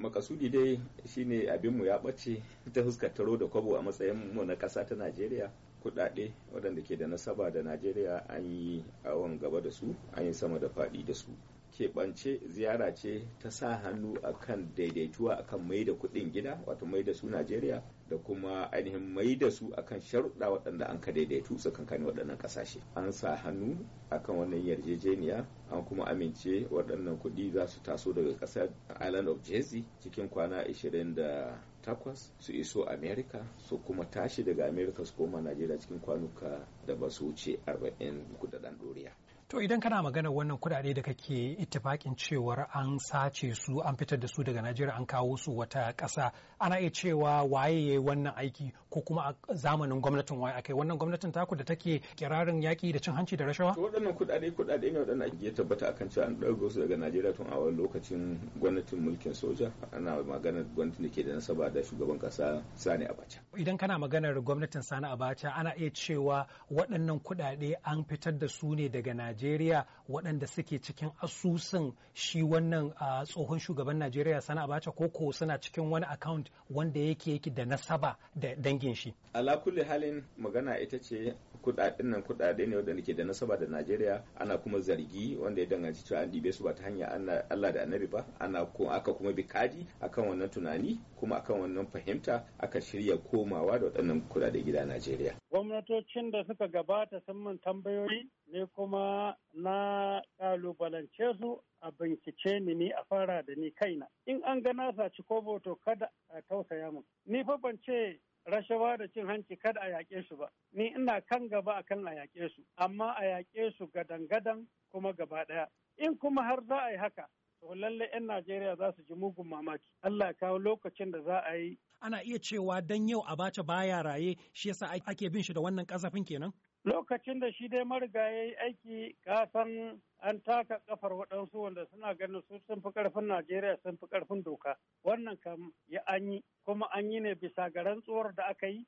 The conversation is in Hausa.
makasudi dai shine abinmu ya ɓace ta huskar da kwabo a matsayin mu na ƙasa ta najeriya kuɗaɗe waɗanda ke da nasaba da najeriya an yi awon gaba da su an yi sama da faɗi da su keɓance ziyara ce ta sa hannu a kan daidaituwa akan mai da kuɗin gida wato mai da su najeriya da kuma ainihin mai da su akan sharuɗa waɗanda an ka daidaitu tsakankanin waɗannan ƙasashe an sa hannu akan wannan yarjejeniya an kuma amince waɗannan kuɗi za su taso daga ƙasar island of jersey cikin kwana 28 su iso america su kuma tashi daga america su koma najeriya cikin kwanuka da ba su wuce 40 da ɗan ɗore To idan kana magana wannan kuɗaɗe da kake ittifaƙin cewar an sace su an fitar da su daga Najeriya an kawo su wata ƙasa ana iya cewa waye yayi wannan aiki ko kuma a zamanin gwamnatin waye akai wannan gwamnatin taku da take kirarin yaƙi da cin hanci da rashawa to waɗannan kuɗaɗe kuɗaɗe ne waɗanda ake tabbata akan cewa an ɗauko su daga Najeriya tun a wani lokacin gwamnatin mulkin soja ana maganar gwamnatin da ke da nasaba da shugaban kasa Sani Abacha idan kana maganar gwamnatin Sani Abacha ana iya cewa waɗannan kuɗaɗe an fitar da su ne daga Najeriya waɗanda suke cikin asusun shi wannan tsohon shugaban Najeriya Sani Abacha ko ko suna cikin wani account wanda yake yake da nasaba da dangin shi ala kulli halin magana ita ce kudaden nan kudade ne wanda ke da nasaba da Najeriya ana kuma zargi wanda ya danganci cewa an dibe su ba ta hanya Allah da Annabi ba ana ko aka kuma bi kadi akan wannan tunani kuma akan wannan fahimta aka shirya komawa da waɗannan kudade gida Najeriya gwamnatocin da suka gabata sun mun tambayoyi ne kuma na kalubalance su a bincike ni ni a fara da ni kaina in an ga na saci ko boto kada a tausaya mun ni fa ban ce rashawa da cin hanci kada a yaƙe su ba ni ina kan gaba a kan a yaƙe su amma a yaƙe su gadan gadan kuma gaba ɗaya in kuma har za a yi haka to lalle 'yan Najeriya za su ji mugun mamaki. Allah ya kawo lokacin da za a yi. Ana iya cewa dan yau a Abacha baya raye shi yasa ake bin shi da wannan kasafin kenan? Lokacin da shi dai yi aiki kasan an taka kafar waɗansu wanda suna ganin su sun fi ƙarfin Najeriya sun fi ƙarfin doka. Wannan kam ya an yi kuma an yi ne bisa ga rantsuwar da aka yi